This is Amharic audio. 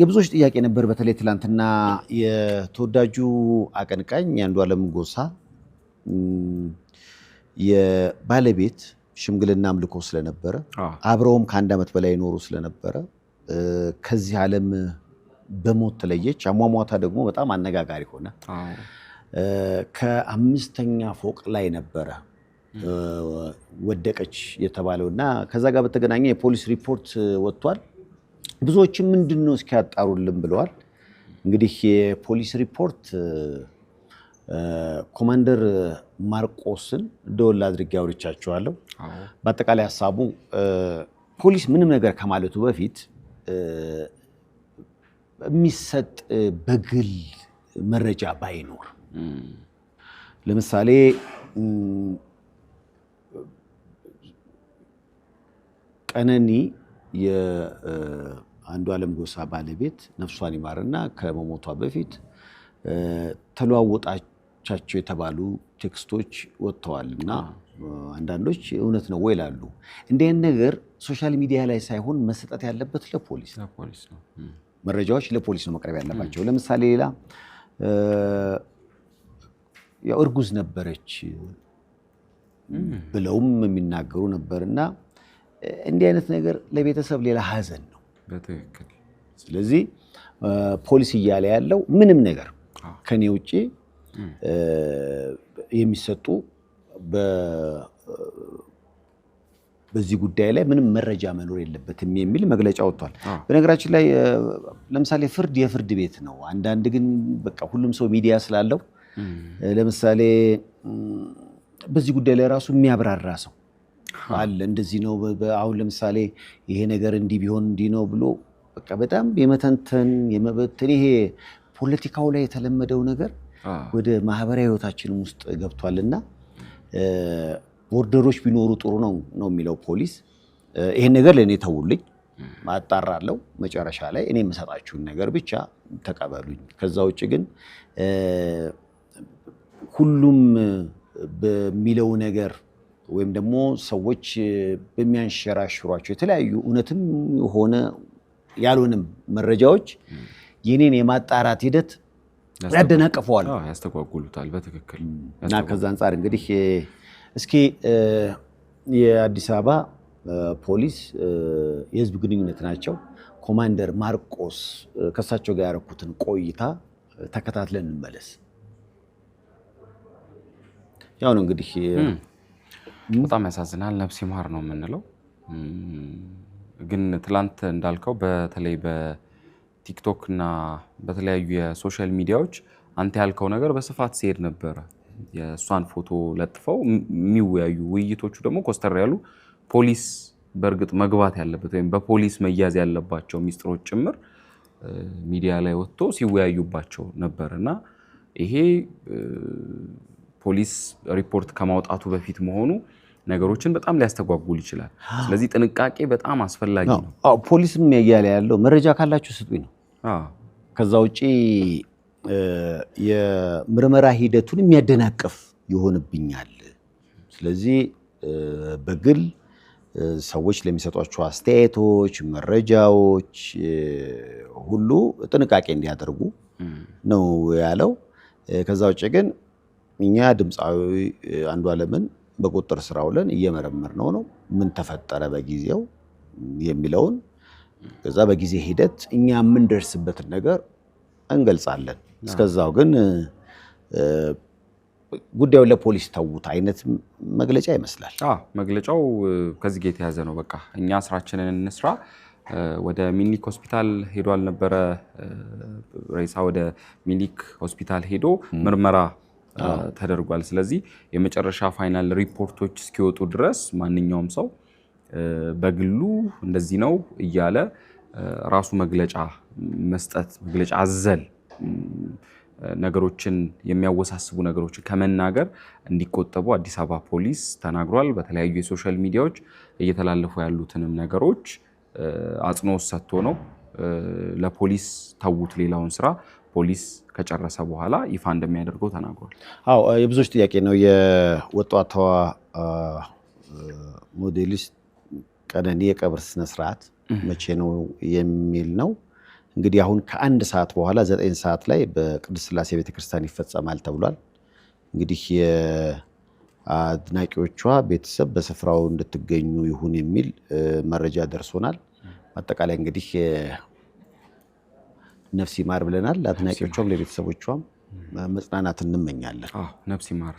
የብዙዎች ጥያቄ ነበር። በተለይ ትላንትና የተወዳጁ አቀንቃኝ አለም ጎሳ የባለቤት ሽምግልና አምልኮ ስለነበረ አብረውም ከአንድ ዓመት በላይ ኖሩ ስለነበረ ከዚህ ዓለም በሞት ተለየች። አሟሟታ ደግሞ በጣም አነጋጋሪ ሆነ። ከአምስተኛ ፎቅ ላይ ነበረ ወደቀች የተባለው እና ከዛ ጋር በተገናኘ የፖሊስ ሪፖርት ወጥቷል። ብዙዎችም ምንድን ነው እስኪያጣሩልን ብለዋል። እንግዲህ የፖሊስ ሪፖርት ኮማንደር ማርቆስን ደወል አድርጌ አውርቻቸዋለሁ። በአጠቃላይ ሀሳቡ ፖሊስ ምንም ነገር ከማለቱ በፊት የሚሰጥ በግል መረጃ ባይኖር፣ ለምሳሌ ቀነኒ የአንዱ ዓለም ጎሳ ባለቤት ነፍሷን ይማርና ከመሞቷ በፊት ተለዋወጣቻቸው የተባሉ ቴክስቶች ወጥተዋል እና አንዳንዶች እውነት ነው ወይ ይላሉ። ነገር ሶሻል ሚዲያ ላይ ሳይሆን መሰጠት ያለበት ለፖሊስ ነው። መረጃዎች ለፖሊስ ነው መቅረብ ያለባቸው። ለምሳሌ ሌላ ያው እርጉዝ ነበረች ብለውም የሚናገሩ ነበርና እንዲህ አይነት ነገር ለቤተሰብ ሌላ ሀዘን ነው። በትክክል ስለዚህ ፖሊስ እያለ ያለው ምንም ነገር ከኔ ውጭ የሚሰጡ በዚህ ጉዳይ ላይ ምንም መረጃ መኖር የለበትም የሚል መግለጫ ወጥቷል። በነገራችን ላይ ለምሳሌ ፍርድ የፍርድ ቤት ነው። አንዳንድ ግን በቃ ሁሉም ሰው ሚዲያ ስላለው ለምሳሌ በዚህ ጉዳይ ላይ ራሱ የሚያብራራ ሰው አለ። እንደዚህ ነው። አሁን ለምሳሌ ይሄ ነገር እንዲህ ቢሆን እንዲህ ነው ብሎ በቃ በጣም የመተንተን የመበተን ይሄ ፖለቲካው ላይ የተለመደው ነገር ወደ ማህበራዊ ህይወታችንም ውስጥ ገብቷልና ቦርደሮች ቢኖሩ ጥሩ ነው ነው የሚለው ፖሊስ። ይሄን ነገር ለእኔ ተውልኝ፣ አጣራለሁ። መጨረሻ ላይ እኔ የምሰጣችሁን ነገር ብቻ ተቀበሉኝ። ከዛ ውጭ ግን ሁሉም በሚለው ነገር ወይም ደግሞ ሰዎች በሚያንሸራሽሯቸው የተለያዩ እውነትም የሆነ ያልሆንም መረጃዎች የኔን የማጣራት ሂደት ያደናቀፈዋል፣ ያስተጓጉሉታል። በትክክል እና ከዛ አንጻር እንግዲህ እስኪ የአዲስ አበባ ፖሊስ የህዝብ ግንኙነት ናቸው ኮማንደር ማርቆስ ከእሳቸው ጋር ያደረኩትን ቆይታ ተከታትለን እንመለስ። ያው ነው እንግዲህ በጣም ያሳዝናል። ነፍስ ይማር ነው የምንለው። ግን ትላንት እንዳልከው በተለይ በቲክቶክ እና በተለያዩ የሶሻል ሚዲያዎች አንተ ያልከው ነገር በስፋት ሲሄድ ነበረ። የእሷን ፎቶ ለጥፈው የሚወያዩ ውይይቶቹ ደግሞ ኮስተር ያሉ ፖሊስ በእርግጥ መግባት ያለበት ወይም በፖሊስ መያዝ ያለባቸው ሚስጥሮች ጭምር ሚዲያ ላይ ወጥቶ ሲወያዩባቸው ነበር እና ይሄ ፖሊስ ሪፖርት ከማውጣቱ በፊት መሆኑ ነገሮችን በጣም ሊያስተጓጉል ይችላል። ስለዚህ ጥንቃቄ በጣም አስፈላጊ ነው። ፖሊስም እያለ ያለው መረጃ ካላችሁ ስጡኝ ነው። ከዛ ውጭ የምርመራ ሂደቱን የሚያደናቅፍ ይሆንብኛል። ስለዚህ በግል ሰዎች ለሚሰጧቸው አስተያየቶች፣ መረጃዎች ሁሉ ጥንቃቄ እንዲያደርጉ ነው ያለው። ከዛ ውጭ ግን እኛ ድምፃዊ አንዷለምን በቁጥር ስር አውለን እየመረመር ነው። ምን ተፈጠረ በጊዜው የሚለውን ከዛ በጊዜ ሂደት እኛ የምንደርስበትን ነገር እንገልጻለን። እስከዛው ግን ጉዳዩን ለፖሊስ ተዉት አይነት መግለጫ ይመስላል። መግለጫው ከዚህ ጋር የተያዘ ነው። በቃ እኛ ስራችንን እንስራ። ወደ ሚኒክ ሆስፒታል ሄዶ አልነበረ ሬሳ ወደ ሚኒክ ሆስፒታል ሄዶ ምርመራ ተደርጓል። ስለዚህ የመጨረሻ ፋይናል ሪፖርቶች እስኪወጡ ድረስ ማንኛውም ሰው በግሉ እንደዚህ ነው እያለ ራሱ መግለጫ መስጠት መግለጫ አዘል ነገሮችን የሚያወሳስቡ ነገሮችን ከመናገር እንዲቆጠቡ አዲስ አበባ ፖሊስ ተናግሯል። በተለያዩ የሶሻል ሚዲያዎች እየተላለፉ ያሉትንም ነገሮች አጽንኦት ሰጥቶ ነው ለፖሊስ ተዉት ሌላውን ስራ ፖሊስ ከጨረሰ በኋላ ይፋ እንደሚያደርገው ተናግሯል። አዎ የብዙዎች ጥያቄ ነው። የወጣቷ ሞዴሊስት ቀነኒ የቀብር ስነስርዓት መቼ ነው የሚል ነው። እንግዲህ አሁን ከአንድ ሰዓት በኋላ ዘጠኝ ሰዓት ላይ በቅድስት ስላሴ ቤተክርስቲያን ይፈጸማል ተብሏል። እንግዲህ የአድናቂዎቿ ቤተሰብ በስፍራው እንድትገኙ ይሁን የሚል መረጃ ደርሶናል። አጠቃላይ እንግዲህ ነፍስ ይማር ብለናል። ለአድናቂዎቿም ለቤተሰቦቿም መጽናናት እንመኛለን። ነፍስ ይማር